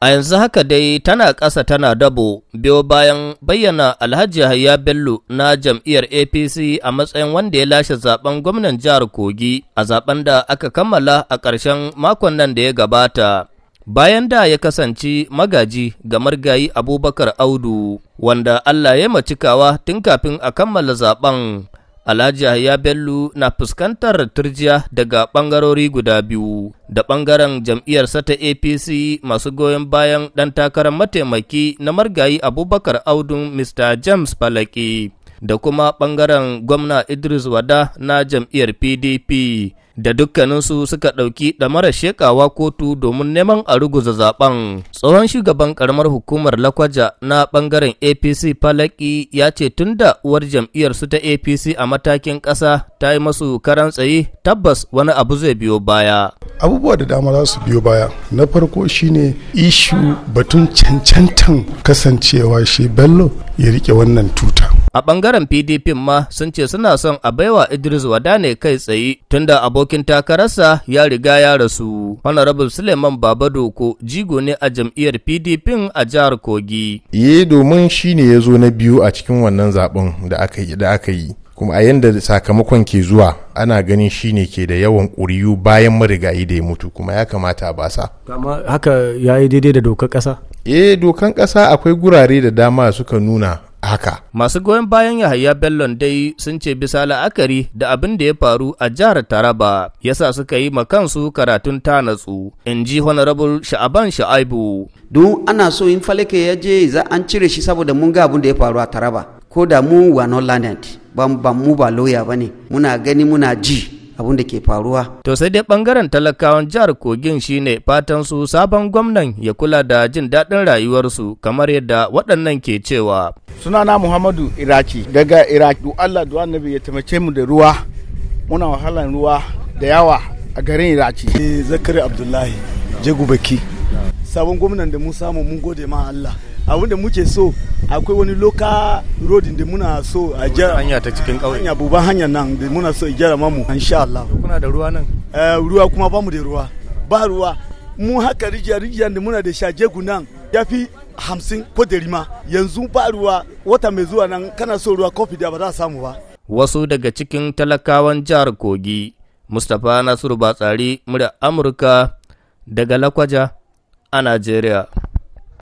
A yanzu haka dai tana ƙasa tana dabo biyo bayan bayyana Alhaji Hayya Bello na jam'iyyar APC a matsayin wanda ya lashe zaben gwamnan jihar Kogi a zaben da aka kammala a ƙarshen makon nan da ya gabata. Bayan da ya kasance magaji ga margayi Abubakar Audu, wanda Allah ya macikawa tun kafin a kammala zaben Alhaji Yahya Bello na fuskantar turjiya daga ɓangarori guda biyu, da ɓangaren jam'iyyarsa ta APC masu goyon bayan ɗan takarar mataimaki na margayi Abubakar Audu Mr. James Falaki, da kuma ɓangaren gwamna Idris Wada na jam'iyyar PDP da dukkaninsu suka ɗauki ɗamarar shekawa kotu domin neman a ruguza zaben. Tsohon shugaban ƙaramar hukumar Lakwaja na ɓangaren APC Falaki ya ce tun da uwar su ta APC a matakin ƙasa ta yi masu karan tsayi tabbas wani abu zai biyo baya. Abubuwa da dama za su biyo baya. Na farko shine ishu batun cancantan kasancewa shi Bello ya rike wannan tuta. A ɓangaren PDP ma sun ce suna son a baiwa Idris Wada ne kai tsaye tunda abokin takararsa ya riga ya rasu. Honorable Suleiman Babadoko jigo ne a jam'iyyar PDP a jihar Kogi. Ye domin shi ne ya zo na biyu a cikin wannan zaɓen da aka yi. kuma a yadda sakamakon ke zuwa ana ganin shi ne ke da yawan ƙuriyu bayan marigayi da ya mutu kuma ya kamata a basa. kama haka ya yi daidai da dokar ƙasa? eh dokan ƙasa akwai gurare da dama suka nuna haka. Masu goyon bayan Yahaya Bello dai sun ce bisa la'akari da abin da ya faru a jihar Taraba yasa suka yi ma kansu karatun ta natsu. In ji Honorable Sha'aban Sha'aibu. Duk ana so in falake ya je za an cire shi saboda mun ga abin da ya faru a Taraba. Ko da mu wa not ba mu ba loya ba ne muna gani muna ji abun da ke faruwa. To sai dai bangaren talakawan jihar Kogin shine fatan su sabon gwamnan ya kula da jin daɗin rayuwarsu kamar yadda waɗannan ke cewa. Sunana Muhammadu Iraki daga Iraki du Allah du Annabi ya taimake mu da ruwa muna wahalan ruwa da yawa a garin Iraki. Zakari Abdullahi Jagubaki. Sabon gwamnan da mu samu mun gode ma Allah. abinda muke so akwai wani local road da muna so a jera hanya ta cikin kauye hanya buban hanya nan da muna so a jera mamu insha Allah kuna da ruwa nan eh, ruwa kuma ba mu da ruwa ba ruwa mu haka rijiya rijiya da muna da shaje gunan yafi hamsin ko dari ma yanzu ba ruwa wata mai zuwa nan kana so ruwa kofi da ba za a samu ba wasu daga cikin talakawan jihar kogi mustapha nasiru batsari murya amurka daga lakwaja a najeriya